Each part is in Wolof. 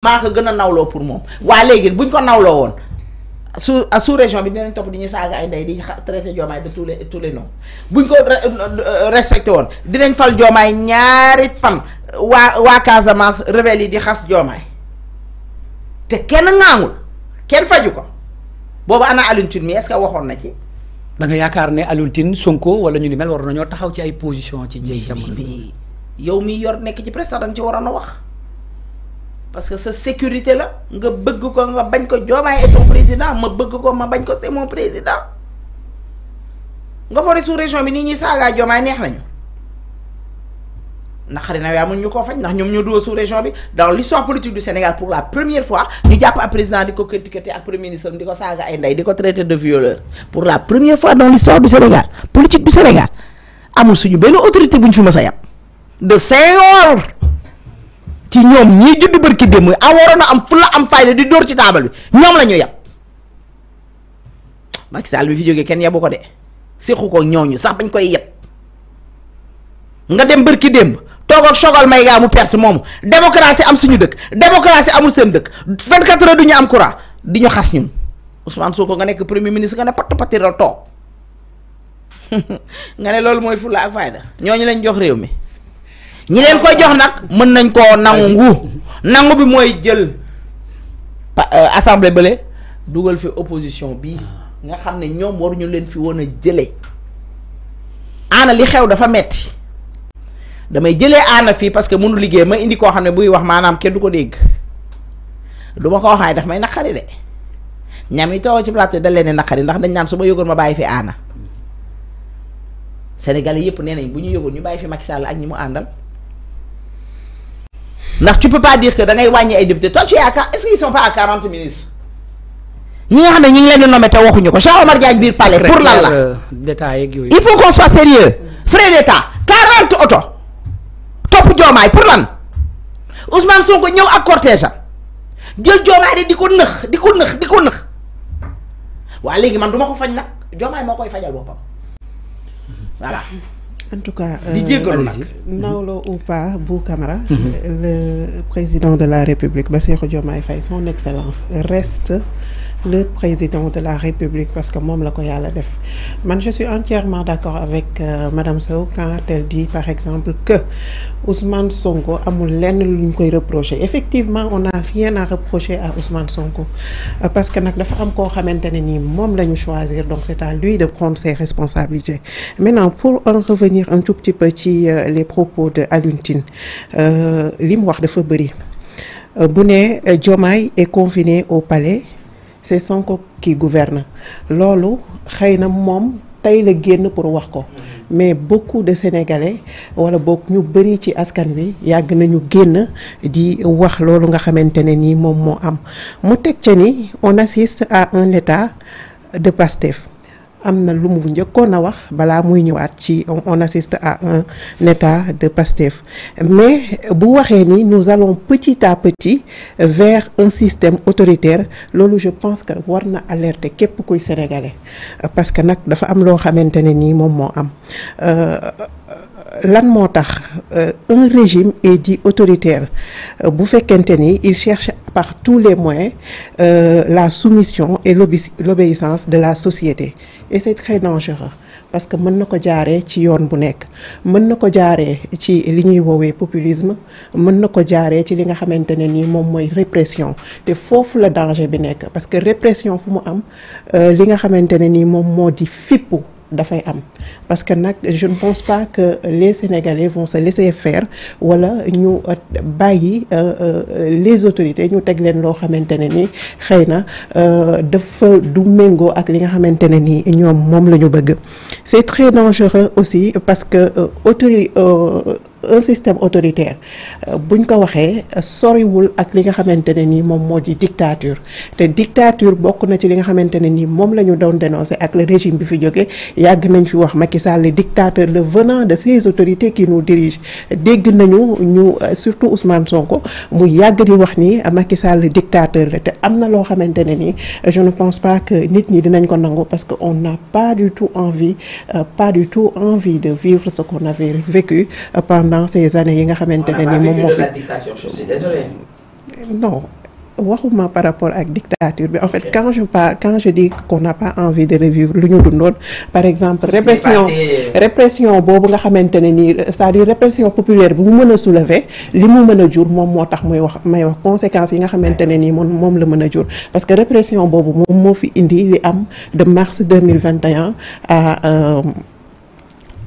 maa ko gën a nawloo pour moom waa léegi buñ ko nawloo woon sous su ah, région bi dinañ topp di ñu saaga ay ndey di traité joomaay de tous les tous buñ ko euh, respecté woon dinañ fal joomaay ñaari fan waa waa Casamance rebelle yi di xas joomaay te kenn ŋaangul kenn faju ko boobu ana Alioune Tine mi est-ce que waxoon na ci. da nga yaakaar ne Alioune Tine Sonko wala ñu ni mel war nañoo taxaw ci ay position ci jéeg jamono yow mii yor nekk ci presse sax da nga waroon a wax. parce que cette sécurité là nga bëgg ko nga bañ ko Diomaye et ton président ma bëgg ko ma bañ ko c'est mon président nga fori sous région bi ni ni saga jomay neex lañu ndax xarina na yaa ñu ko fañ ndax ñom ñu do sous région bi dans l'histoire politique du Sénégal pour la première fois ñu japp un président diko ko critiquer ak premier ministre diko saga ay ndey diko traiter de violeur pour la première fois dans l'histoire du Sénégal politique du Sénégal amul suñu benn autorité buñ fi mës a de Senghor ci ñoom ñi judd barki dem a waroon am fula am fayda di door ci table bi ñoom la ñu yab Macky bi fi jógee kenn yabu ko de séqu ko ñooñu sax bañ koy yab nga dem barki dem toog ak sogal may gaa mu perte moomu démocratie am suñu dëkk démocratie amul seen dëkk 24 heures duñu am courant di ñu xas ñun Ousmane Sonko nga nekk premier ministre nga ne pat ra toog nga ne loolu mooy fula ak fayda ñooñu lañ jox réew mi ñi leen koy jox nak mën nañ ko nangu nangu bi moy jël euh, assemblée bële dugal fi opposition bi ah. nga xam ñom waru ñu leen fi wona jëlé ana li xew dafa metti damay jëlé ana fi parce que mënu liggéey ma indi ko xam buy wax manam kenn duko ko dégg du ko waxay daf may nakari de ñami yi ci plateau da leen nakari ndax dañ nan suma ma ma bàyyi fi ana sénégalais yépp nee buñu bu ñu yëgoon fi Macky Sall ak ñimu andal ndax ci peux pas dire que da ngay wàññi ay député toi tu es à est pas à 40 ministres. ñi nga xam ne ñu ngi leen di nommé te waxuñu ko Cheikh Omar Diagne biir palais pour lan la euh, détail yeeg yooyu il faut qu'on soit sérieux frais d'état 40 oto topp joomaay pour lan Ousmane Sonko ñëw ak cortège am jël joomaay rek di ko nëx di ko nëx di ko nëx waa léegi man du ko faj nag joomaay moo koy fajal boppam voilà en tout cas di euh, mhm. ou pas Bou mhm. euh, le président de la République son excellence reste le président de la République parce que la def je suis entièrement d'accord avec Mme euh, madame quand elle dit par exemple que Ousmane Sonko a lenn reprocher effectivement on n'a rien à reprocher à Ousmane Sonko parce que dafa am choisir donc c'est à lui de prendre ses responsabilités maintenant pour en revenir revenir un tout petit peu ci euh, les propos de Aluntine. Tine euh, li mu wax dafa euh, bu ne Diomaye est confiné au palais c'est son qui gouverne loolu xëy Mom, moom le guen pour wax ko mais beaucoup de sénégalais wala boog ñu bëri ci askan wi yàgg nañu génn di wax loolu nga xamante ne nii moom moo am mu teg ca ni on assiste à un état de Pastef lu mu on assiste à un état de Pastef mais bu nous allons petit à petit vers un système autoritaire je pense que war na alerter képp kuy sénégalais parce que nag dafa am loo xamante ne nii moom moo am euh, lan moo euh, un régime est dit autoritaire euh, bu ni il cherche par tous les moyens la soumission et l'obéissance de la société et c'est très dangereux parce que mën na ko jaaree ci yoon bu nekk mën na ko jaaree ci li ñuy woowee populisme mën na ko jaaree ci li nga xamante ne nii moom mooy répression te foofu la danger bi nekk parce que répression fu mu am euh, li nga xamante ne nii moom moo di fippu dafay am parce que nag je ne pense pas que les Sénégalais vont se laisser faire wala ñu euh, euh, euh les autorités ñu teg leen loo xamante ne ni xëy na euh, dafa du méngoo ak li nga xamante ne ni ñoom moom la bëgg c'est très dangereux aussi parce que autorité un système autoritaire euh, buñ ko waxé soriwul ak li nga xamante ne nii dictature té dictature bokk na ci li nga xamante ne nii moom doon dénoncer ak le régime bi fi joggé yàgg nañ fi wax Macky Sall le dictateur le venant de ces autorités qui nous dirigent dégg nañu ñu euh, surtout Ousmane Sonko mu yàgg di wax ni Macky Sall le dictateur la te am na loo je ne pense pas que nit ñi dinañ ko nangu parce que on n'a pas du tout envie euh, pas du tout envie de vivre ce qu'on avait vécu pendant pendant ces années yi nga xamantene ni mom mo fi désolé non waxuma par rapport ak dictature bi en fait quand je parle quand je dis qu'on n'a pas envie de revivre lu ñu dundoon par exemple répression euh, répression boobu nga xamantene ni Ça c'est-à-dire répression populaire bi mu mën a soulever li mu mën a jur moom moo tax muy wax may wax conséquences yi nga xamantene ni moom moom la parce que répression boobu moom moo fi indi li am de mars 2021 à euh,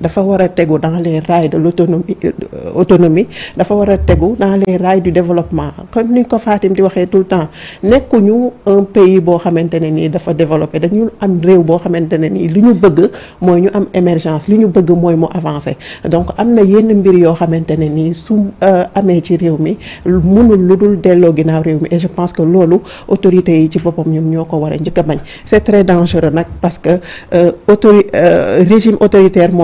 dafa war a tegu dans les rails de l'autonomie euh, autonomie dafa war a tegu dans les rails du développement comme ni ko Fatim di waxee tout le temps nekkuñu un pays boo xamante ne nii dafa développé dañu am réew boo xamante ne nii li ñu bëgg mooy ñu am émergence li ñu bëgg mooy mu avancé donc am na yenn mbir yoo xamante ne nii su euh, amee ci réew mi mënul lu dul delloo ginnaaw réew mi et je pense que loolu autorité yi ci boppam ñoom ñoo ko war a njëkk a bañ c'est très dangereux nag parce que euh, autori régime autoritaire moom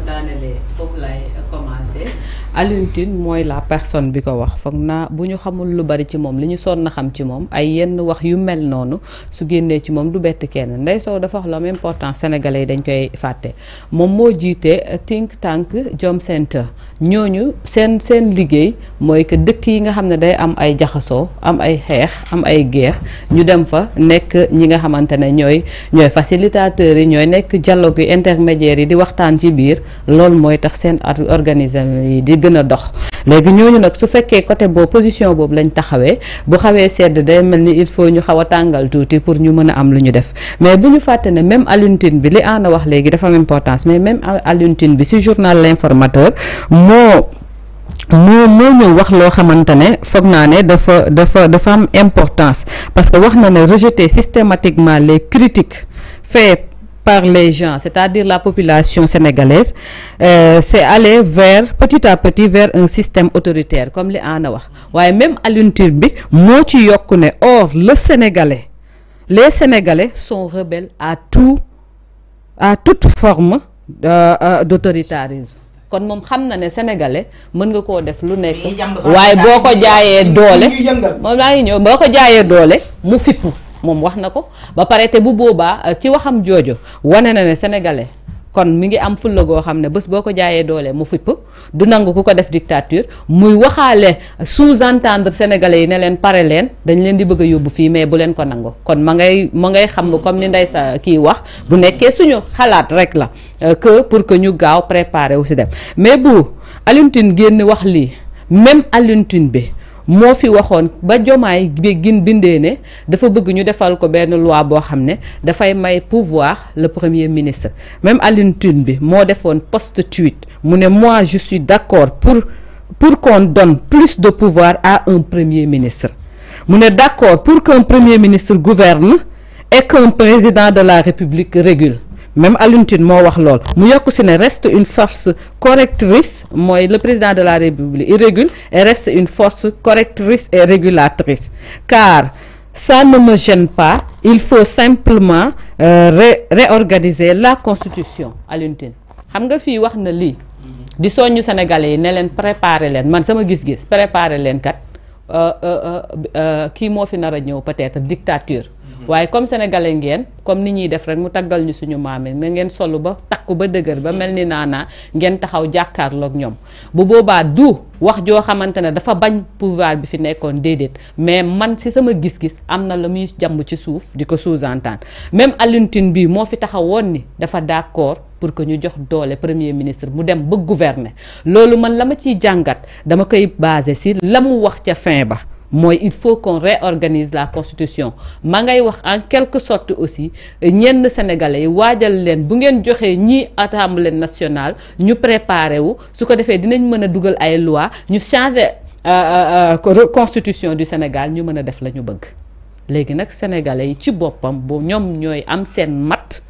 Alioune Tine mooy la personne bi ko wax foog naa bu ñu xamul lu bari ci moom li ñu sonn xam ci moom ay yenn wax yu mel noonu su génnee ci moom du bett kenn Ndeye Sow dafa wax la même importance sénégalais yi dañ koy fàtte moom moo jiite think tank Jom Center ñooñu seen seen liggéey mooy que dëkk yi nga xam ne day am ay jaxasoo am ay xeex am ay guerre ñu dem fa nekk ñi nga xamante ne ñooy ñooy facilitateurs yi ñooy nekk dialogue yi intermédiaires yi di waxtaan ci biir loolu mooy tax seen organisme yi gën a dox léegi ñooñu nag su fekkee côté boo position boobu lañ taxawee bu xawee sedd day mel ni il faut ñu xaw a tàngal tuuti pour ñu mën a am lu ñu def mais bu ñu fàtte ne même Alioune Tine bi li Anna wax léegi dafa am importance mais même Alioune Tine bi si journal l'informateur moo moo moo ñëw wax loo xamante ne foog naa ne dafa dafa dafa am importance parce que wax na ne rejeter systématiquement les critiques faites par les gens, c'est-à-dire la population sénégalaise, euh, c'est aller vers, petit à petit, vers un système autoritaire, comme les Anawa. Ouais, même à l'Unturbi, or le Sénégalais, les Sénégalais sont rebelles à tout, à toute forme euh, euh, d'autoritarisme. Quand mon xam na sénégalais mon nga koo def lu nekk waaye boo ko jaayee doole moom d'olé, moom wax na ko ba pare te bu boobaa euh, ci waxam joojo wane na ne sénégalais kon mu ngi am fulla goo xam ne bés boo ko jaayee doole mu fipp du nangu ku ko def dictature muy waxaale sous-entendre sénégalais yi ne leen pare leen dañ leen di bëgg a yóbbu fii mais bu leen ko nangu kon ma ngay ma ngay xam comme ni ndey sa kii wax bu nekkee suñu xalaat rek la euh, que pour que ñu gaaw préparer wu si dem mais bu Alioune génn wax lii même Alioune bi moo fi waxoon ba jomaay bi gin ne dafa bëgg ñu defal ko ben loi bo xamné da fay may pouvoir le premier ministre même Aline Tune bi mo defoon post tweet mu moi je suis d'accord pour pour qu'on donne plus de pouvoir à un premier ministre mu d'accord pour qu'un premier ministre gouverne et qu'un président de la République régule même Aluntine Tine wax lool mu reste une force correctrice le président de la République il régule et reste une force correctrice et régulatrice car ça ne me gêne pas il faut simplement euh, réorganiser la constitution Aluntine Tine xam nga li. wax na li di sénégalais yi ne préparer leen man sama gis-gis préparer leen kat euh, euh, ki mo fi peut-être dictature waaye comme sénégalais ngeen comme ni ñuy def rek mu taggal ñu suñu maamee yi ngeen solu ba takku ba dëgër ba mel ni naanaa ngeen taxaw jàkkaarloog ñoom bu boobaa du wax joo xamante ne dafa bañ pouvoir bi fi nekkoon déedéet mais man si sama gis-gis am na la muy jàmm ci suuf di ko sous-entendre même Alioune Tine moo fi taxawoon ni dafa d'accord pour que ñu jox doole premier ministre mu dem ba gouverner loolu man la ma ciy jàngat dama koy basé si la mu wax ca fin ba moi il faut qu'on réorganise la constitution mangay wax en quelque sorte aussi ñenn sénégalais wadjal waajal leen bu ngeen joxee ñii assemblée national ñu préparé wu suko défé dinañ mëna a ay loi ñu changer euh, euh, euh, constitution du Sénégal ñu mëna a def lañu bëgg légui nak sénégalais ci bopam bo ñom ñoy am sen mat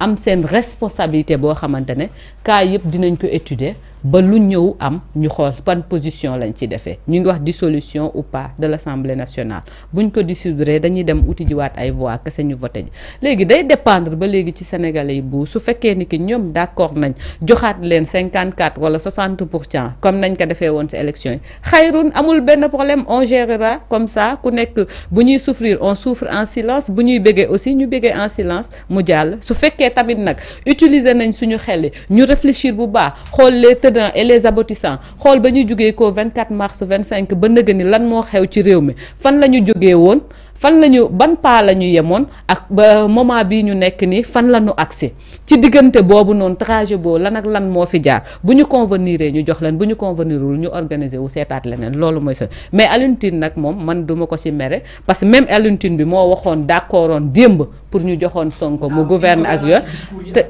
am sen responsabilité bo xamante ne cas yëpp dinañ ko étudier ba lu ñëw am ñu xool pan position lañ ci defee ñu ngi wax dissolution ou pas de l'Assemblée nationale buñ ko dissoudre dañuy dem uti jiwaat ay voix kese ñu voté ji day dépendre ba léegi ci sénégalais yi bu su fekkee ni ki ñoom d'accord nañ joxaat leen 54 wala 60 pour comme nañ ko defee woon si élection yi xayrun amul benn problème on gérera comme ça ku nekk bu ñuy souffrir on souffre en silence bu ñuy bégee aussi ñu bégee en silence mu jàll su fekkee tamit nag utiliser nañ suñu xel ñu réfléchir bu baax xool tenants et les aboutissants xol bañu ñu ko 24 mars 25 ba nëgë ni lan mo xew ci réew mi fan lañu ñu won fan lañu ban pa lañu yémon ak ba moment bi ñu nek ni fan lañu ñu ci diggante bobu non trajet bo lan ak lan mo fi jaar buñu ñu convenir ñu jox lan buñu convenirul ñu organiser wu sétat lenen lolu moy seul mais aluntine nak mom man duma ko ci mere parce que même aluntine bi mo waxoon d'accordone demb pour ñu joxoon sonk mu ah, gouverne ak yoon te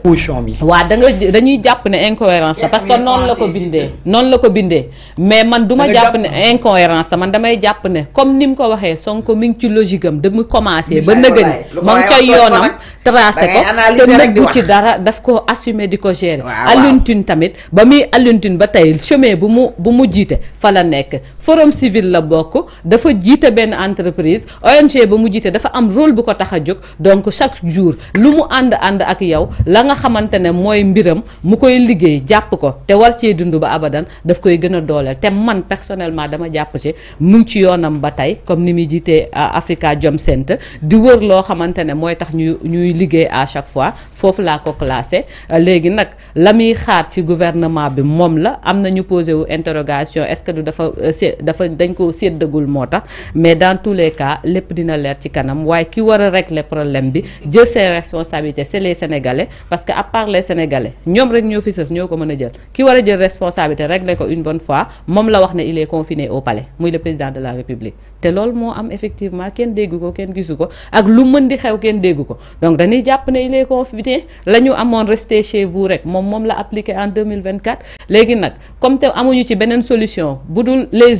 waa da nga dañuy jàpp ne incohérence la parce que noonu la ko bindee noonu la ko bindee mais man duma jàpp ne incohérence la man damay jàpp ne comme ni mu ko waxee Sonko mi ngi am da commencé ba nëgëni ma ngi cay yoonam tracé ko te nëggu ci dara daf ko assumer di ko gérer Alioune Tine tamit ba muy allentine ba tey chemin bu mu bu mu jiite fa la nekk forum civil la bokk dafa jiite benn entreprise ONG ba mu jiite dafa am role bu ko tax a jóg donc chaque jour lu mu ànd ànd ak yow la nga xamante ne mooy mbiram mu koy liggéey jàpp ko te war cee dund ba abadan daf koy gën a dooleel te man personnellement dama jàpp ci mu ngi ci yoonam ba tey comme ni muy jiitee euh, Africa Jom Center di wër loo xamante ne mooy tax ñu ñuy liggéey à chaque fois foofu laa ko classé euh, léegi nag la muy xaar ci gouvernement bi moom la am na ñu posé wu interrogation est-ce dafa euh, dafa dañ ko séddagul moo tax mais dans tous les cas lépp dina leer ci kanam waaye ki war a régler problème bi jël ses responsabilités c'est les sénégalais parce que à part les sénégalais ñoom rek ñoo fi sës ñoo ko mën a jël ki war a jël responsabilité régler ko une bonne fois moom la wax ne il est confiné au palais muy le président de la république te loolu moo am effectivement kenn déggu ko kenn gisu ko ak lu mën di xew kenn déggu ko donc dañuy jàpp ne il est confiné la ñu amoon rester chez vous rek moom moom la appliqué en 2024 léegi nag comme te amuñu ci beneen solution bu dul les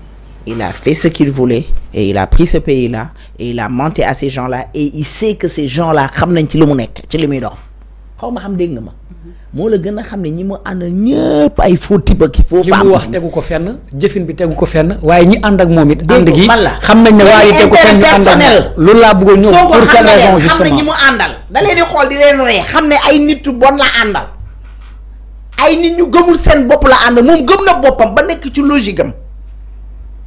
il a fait ce qu'il voulait et il a pris ce pays-là et il a menti à ces gens-là et il sait que ces gens-là xamnañ ci lu mu nekk ci li dox xawma ma xam dégg nga ma. mo la gëna a ñi mo ànd ñepp ay faux type ak faux femmes. li mu wax tegu ko fenn jëfin bi tegu ko fenn waye ñi and ak momit and gi xamnañ nañ ne waaye tegu ko fenn ñu ànd ak moom loolu laa pour quelle raison justement soo ñi mo andal da leen di xol di leen ree xam ay nit bon la andal ay nit ñu gëmul seen bop la and moom gëm na boppam ba nekk ci logique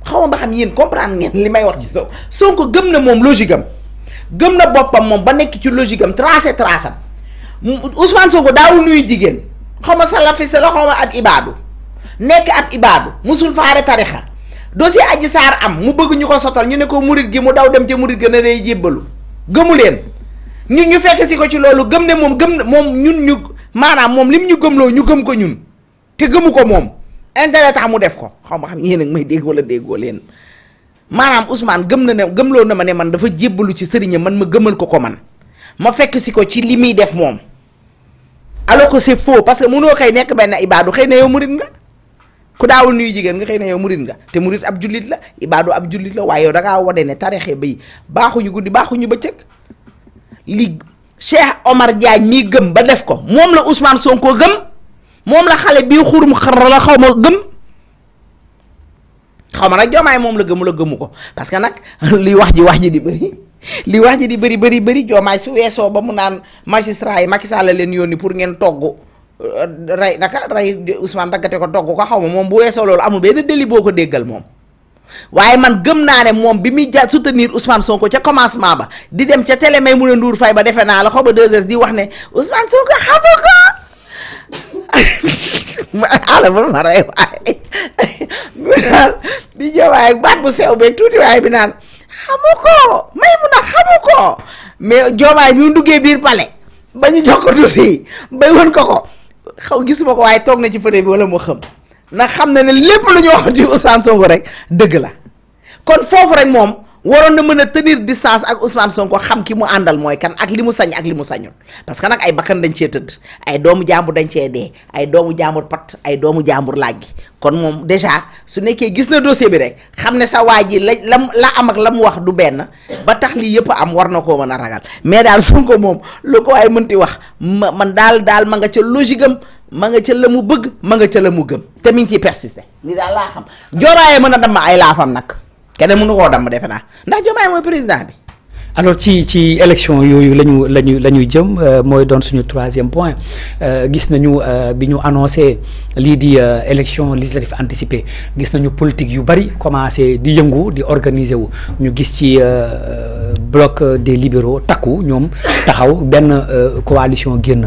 xaw ma xam yéen comprendre ngeen li may wax ci Sonko Sonko gëm na moom logique am gëm na boppam moom ba nekk ci logique am tracé tracé am Ousmane ko daawul nuyu jigéen xaw ma salafiste la xaw ma ab ibaadu nekk ab ibaadu musul faare tarixa dossier Adji Sarr am mu bëgg ñu ko sotal ñu ne ko murit gi mu daw dem ca murit gën a day jébbalu gëmu leen ñu ñu fekk si ko ci loolu gëm ne moom gëm na moom ñun ñu maanaam moom lim ñu gëmloo ñu gëm ko ñun te gëmu ko moom intérêt tax mu def ko xaw ma xam yéen a may dégg wala déggoo leen maanaam Ousmane gëm na ne gëmloo na ma ne man dafa jébbalu ci sëriñam man ma gëmal ko ko man ma fekk si ko ci li muy def moom alors que c'est faux parce que mënoo xëy nekk benn ibaadu xëy ne yow murit nga ku daawul nuyu jigéen nga xëy na yow murit nga te murit ab jullit la ibaadu ab jullit la waaye yow da ngaa wane ne tarixee bay baaxuñu guddi baaxuñu bëccëg li Cheikh Omar Diagne mii gëm ba def ko moom la Ousmane Sonko gëm. moom la xale bii xurum xar la xaw ma gëm xaw ma nag joomaay moom la gëmu la gëmu ko parce que nag li wax ji wax ji di bëri li wax ji di bëri bëri bëri joomaay su weesoo ba mu naan magistrat yi Macky Sall la leen yoon yónni pour ngeen togg euh, rey naka rey Ousmane daggate ko togg ko xaw ma moom bu weesoo loolu amul benn délit boo ko déggal moom waaye man gëm naa ne moom bi muy ja soutenir soo ko ca commencement ba di dem ca télé may mun a nduur fay ba defe naa la xaw ma 2 di wax ne Ousmane ala ma rey waaye mu eh, naan di joowaay baat bu sew beeg tuuti waaye bi naan xamu ko may mun a xamu ko mais joomaay bi mu duggee biir pale ba ñu jox ko dossier bay won ko ko gisuma ko waaye toog na ci fëre bi wala moo xam na xam na ne lépp lu ñu wax ci Ousmane Sonko rek dëgg la kon foofu rek moom waroon na mën a tenir distance ak Ousmane Sonko xam ki mu àndal mooy kan ak li mu sañ ak li mu sañul parce que nag ay bakkan dañ cee tëdd ay doomu jàmbur dañ cee dee ay doomu jàmbur pat ay doomu jàmbur laa gi kon moom déjà su nekkee gis na dossier bi rek xam ne sa waa ji la lam la am ak la mu wax du benn ba tax lii yëpp am war na koo mën a ragal mais daal Sonko moom lu ko ay mënti wax ma man daal daal ma nga ca logi am ma nga ca la mu bëgg ma nga ca la mu gëm te mi ngi ciy persister li daal laa xam jooraayee mën a dem ay laafam nag. kene mënu ko damm defena ndax jomay moy président bi. alors ci ci élection yoyu lañu lañu la jëm euh, moy don suñu 3e point euh, gis nañu euh, biñu annoncer li di élection législative anticipée gis nañu politique yu bari commencé di yëngu di organiser wu ñu gis ci bloc euh, des libéraux TAKU, ñom taxaw ben coalition guen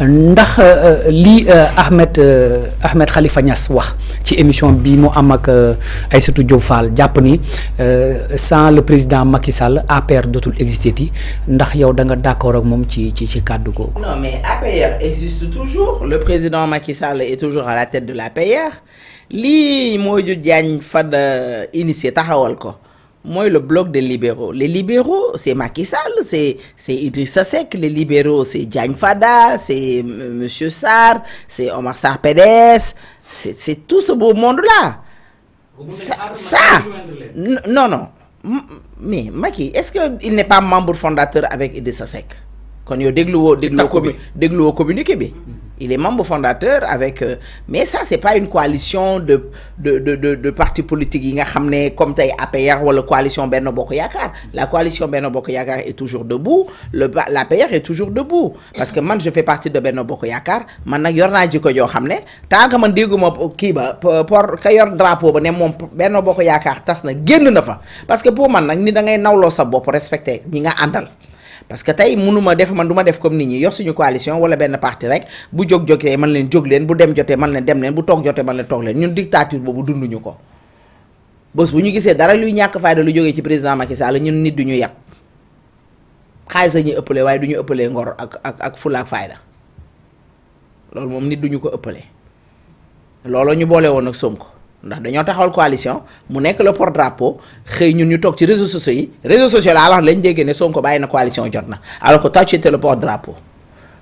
ndax euh, li Ahmed Ahmed Khalifa Niass wax ci émission bi mo am ak aissatou Diop Fall japp ni sans le président Macky Sall APR dotul exister ti ndax yow da nga d'accord ak mom ci ci ci non mais APR existe toujours le président Macky Sall est toujours à la tête de l'APR lii Modou Diagne Fada initier taxawal ko moi, le bloc des libéraux. Les libéraux, c'est Macky Sall, c'est Idrissa Seck, les libéraux, c'est Djang Fada, c'est euh, M. Sartre, c'est Omar Sarr c'est tout ce beau monde-là. Ça, Non, non. Mais Macky, est-ce qu'il n'est pas membre fondateur avec Idrissa Seck Mm-hmm. il est membre fondateur avec euh, mais ça n'est pas une coalition de de de de partis politiques yi nga été comme l'APR APR la coalition Benno Bokk la coalition Benno Bokk est toujours debout l'APR est toujours debout parce que moi je fais partie de Benno Bokk maintenant man y yor naa que je dégguma que je suis un drapeau je suis un Benno parce que pour moi, je suis da ngay respecter sa parce que tey mënuma def man du def comme nit ñi yor suñu coalition wala benn parti rek bu jóg jotee man leen jóg leen bu dem jotee man leen dem leen bu toog jotee man leen toog leen ñun dictature boobu dunduñu ko bës bu ñu gisee dara luy ñàkk fayda lu jógee ci président Macky Sall ñun nit du ñu yàpp xaalis la ñuy ëppalee waaye du ñu ëppalee ngor ak ak ak fulaak fayda loolu moom nit duñu ko ëppalee looloo ñu boole woon ak ko ndax dañoo taxawal coalition mu nekk le porte drapeau xëy ñun ñu toog ci réseaux sociaux yi réseaux sociaux la alors lañ déggee ne Sonko bàyyi na coalition jot na alors que toi le porte drapeau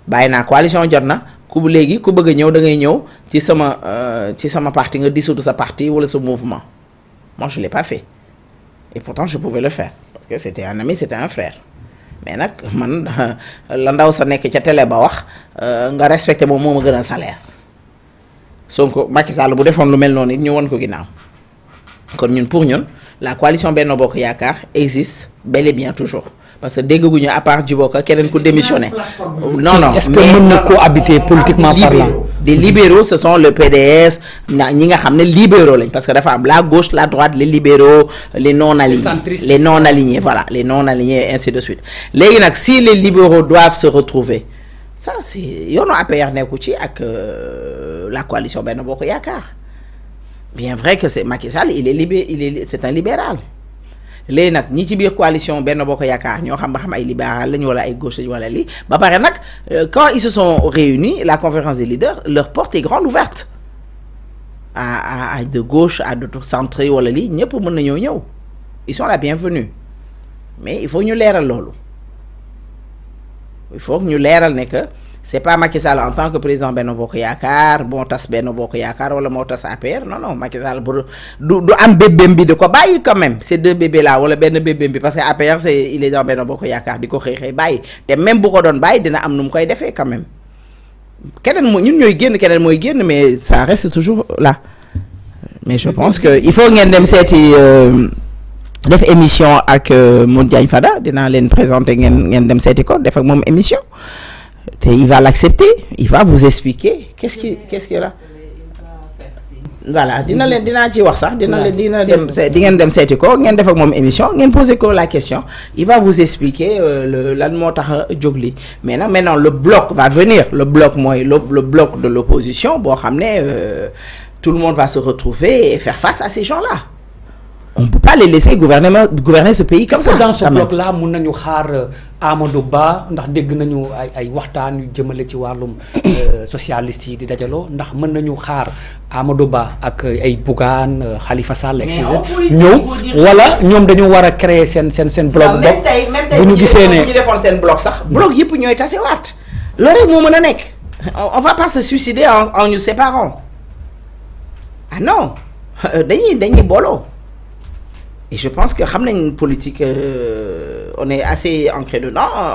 bàyyi naa coalition jot na ku léegi ku bëgg a ñëw da ngay ñëw ci sama euh, ci sama parti nga dissoudre sa parti wala sa mouvement moi je l'ai pas fait et pourtant je pouvais le faire parce que c'était un ami c'était un frère mais nag man euh, la ndaw sa nekk ca télé ba wax euh, nga respecté moom moo ma gën a salaire Sonko Macky Sall bu defone lu mel non nit ñu won ko kon ñun pour ñun la coalition Benno Bokk yaakar existe bel et bien toujours parce que ñu à part Djiboka kenen ko démissionné. non non est-ce que mën na cohabiter politiquement parlant. les libéraux ce sont le PDS ñi nga xamné libéraux lañ parce que dafa am la gauche la droite les libéraux les non alignés les non alignés voilà les non alignés et ainsi de suite légui nak si les libéraux doivent se retrouver ça c'est a APR nekku ci ak la coalition Benno Bokk bien vrai que c'est Macky Sall il est libé il est c'est un libéral les nak ni ci coalition Benno boko yakar ño xam ba xam ay libéral lañu wala ay gauche lañu wala li ba euh, quand ils se sont réunis la conférence des leaders leur porte est grande ouverte à à de gauche à de centre wala li ñep mëna nañoo ñëw ils sont la bienvenue mais il faut ñu leeral lolu il faut que nous leeral ne que c'est pas Macky en tant que président Benno Bokk Yakar bon tas Benno Bokk Yakar wala à tas APR non non Macky Sall du du am bébém bi di ko quand même ces deux bébés là wala ben bébém bi parce que APR c'est il est dans Benno Bokk Yakar diko ko xëy xëy même bu ko don bàyyi dina am num koy défé quand même quel mooy ñun ñoy génn kenen moy génn mais ça reste toujours là mais je pense que il faut ngeen dem euh, def émission ak euh, Modou Diagne Fada dina len présenter ngeen ngeen dem cette école. def ak mom émission té il va l'accepter il va vous expliquer qu'est-ce qui qu'est-ce qu'il là voilà dina len dina ci wax sax dina len dina dem di ngeen dem cette école, ngeen def ak mom émission ngeen poser ko la question il va vous expliquer euh, le lan motax jogli mais maintenant le bloc va venir le bloc moy le le bloc de l'opposition bo xamné euh, tout le monde va se retrouver et faire face à ces gens-là on ne peut pas les laisser gouverner, gouverner ce pays comme ça. Dans ce bloc-là, nous avons euh, Amadou Ba ndax dégg nañu ay ay waxtaan yu jëmale ci wàllum euh, socialiste yi di dajaloo ndax mën nañu xaar Amadou Ba ak euh, ay Bougan, Khalifa Sall et cetera ñëw wala ñoom dañu war créer sen sen sen bloc bopp bu ñu gisee ne bu ñu defoon seen bloc sax hmm. bloc yëpp ñoy tassé wat. Lore mo meuna nek. on va pas se suicider en en nous séparant ah non dañuy dañuy bolo et je pense que politique euh, on est assez ancré dedans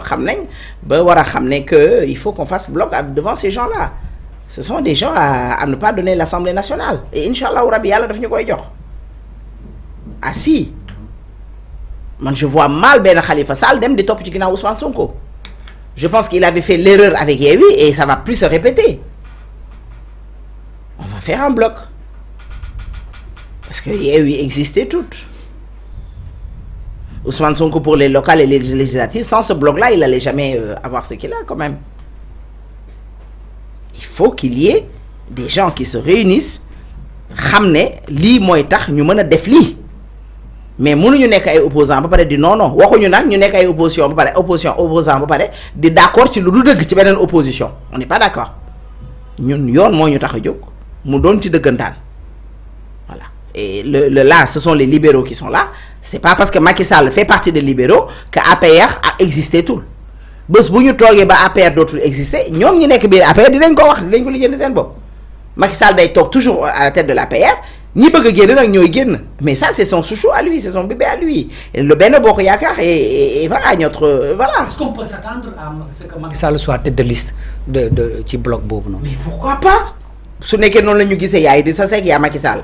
que il faut qu'on fasse bloc devant ces gens là ce sont des gens à, ne pas donner l'Assemblée nationale et inchallah Rabbi Allah... yàlla daf ah si je vois mal Ben Khalifa Sall dem di top Ousmane Sonko je pense qu'il avait fait l'erreur avec Yewwi et ça va plus se répéter on va faire un bloc parce que Yewwi existait toute Ousmane Sonko pour les locales et les législatives, sans ce bloc-là, il n'allait jamais euh, avoir ce qu'il a quand même. Il faut qu'il y ait des gens qui se réunissent, ramener li moy tax ñu mëna Mais gens nek ay opposants ba paré non non, nak ñu nek opposition opposition opposant ba paré d'accord ci lu du deug ci opposition. On n'est pas d'accord. Ñun mo ñu jog mu ci et le, le, là, ce sont les libéraux qui sont là. C'est pas parce que Macky Sall fait partie des libéraux que APR a existé tout. Bus bu ñu ba APR d'autres existait ñoom ñi nek biir APR dinañ ko wax dinañ ko lijjanti sen Macky Sall day toujours à la tête de l'APR Ni bëgg a génn nag ñooy mais ça c'est son chouchou à lui c'est son bébé à lui le Benno Bokk Yaakaar et voilà notre voilà. est-ce qu'on peut s'attendre à ce que Macky Sall soit tête de liste de de ci bloc bobu non? mais pourquoi pas su nekkee non la ñu gisee yaay di sa sék ya Macky Sall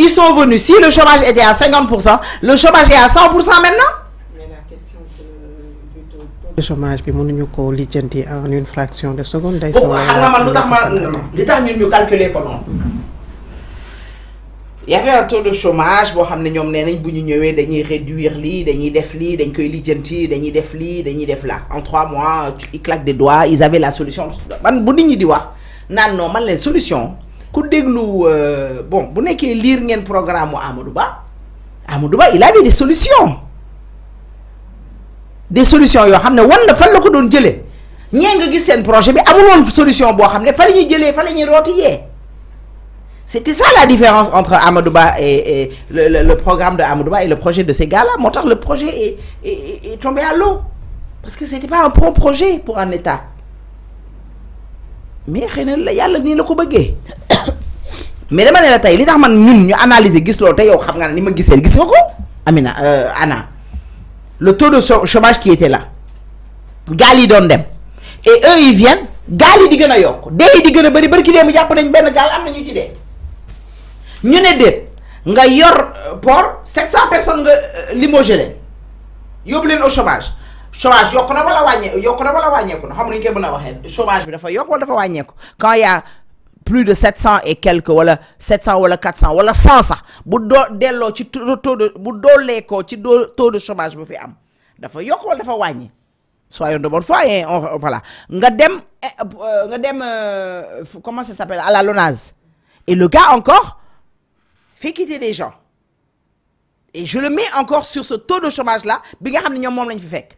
Ils sont venus. Si le chômage était à 50%, le chômage est à 100% maintenant. le chômage question de, du taux, de chômage, puis en une fraction de seconde. Day Pourquoi xam calculer y avait un taux de chômage pour xam ne ñoom nee nañ bu ñu réduire li, dañuy def lii dañ koy lijjanti dañuy def lii dañuy def là en trois mois ils claquent des doigts ils avaient la solution man bu nit ñi di wax non man les solutions ku déglu euh, bon bu nekkee lire ngeen programme Amadouba. Amadou Ba Amadou Ba il avait des solutions des solutions yo xamné ne wan na fan la ko doon nga projet bi amul woon solution bo xamné fa la ñuy jëlee fa c'était ça la différence entre Amadou et, le, programme de Amadou et le projet de ces gars-là. motax le projet est, est, est tombé à l'eau parce que c'était pas un bon projet pour un État mais xénal la yalla qui la ko mais dama né la tay li tax man ñun analyser gis lo tay yow xam nga ni ma Amina euh, le taux de chômage qui était là gal yi dem et eux ils viennent gal yi di gëna yok dé di gëna bari ki nañ ci nga yor euh, port 700 personnes nga euh, limogé yob au chômage chômage yok na wala wàññeeku yok na wala wàññeeku ko xam nañu koy mën a chômage bi dafa yok wala dafa ko quand il y a plus de 700 et quelques wala 700 wala 400 wala 100 sax bu do dello ci taux de bu ko ci taux de chômage bu fi am dafa yok wala dafa wàññi soyons de bonne foi et on voilà nga dem eh, euh, nga dem euh, comment ça s'appelle à la lonaze et le gars encore fait quitter des gens et je le mets encore sur ce taux de chômage là bi nga xamni ñom mom lañ fi fekk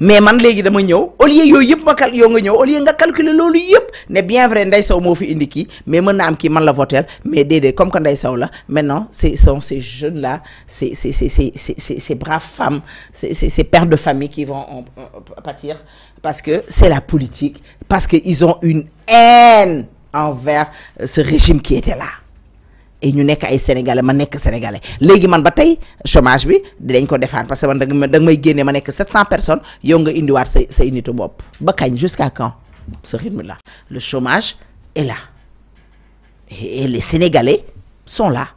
mais man légui dama ñëw au lieu yooyu yëpp ma cal yo nga ñëw au lieu nga calculer loolu yëpp ne bien vrai Ndeye Sow moo fi indi ki mais mën naa am ki man la voter mais dédé comme que Ndeye Sow la maintenant c'est sont ces jeunes là ces ces ces ces ces ces braves femmes ces ces pères de famille qui vont en pâtir parce que c'est la politique parce que ils ont une haine envers euh, ce régime qui était là et ñu nek ay sénégalais ma nek sénégalais légui man ba chômage bi dinañ ko défar parce que man danga may danga ma nek 700 personnes yo nga indiwaat say say nitu bop ba kañ jusqu'à quand ce rythme là le chômage est là et les sénégalais sont là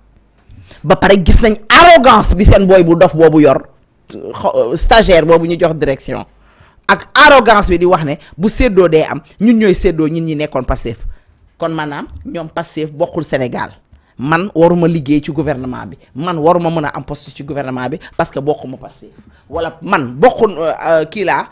ba paré gis nañ arrogance bi sen boy bu dof bobu yor euh, stagiaire bobu ñu jox direction ak arrogance bi di wax né bu séddoo dé am ñun ñoy séddoo ñun ñi nekkoon Pastef kon maanaam ñoom Pastef bokul Sénégal. man waruma liggéey ci gouvernement bi man waruma mën a am poste ci gouvernement bi parce que bokkuma Pastef wala man bokku euh, euh, kii laa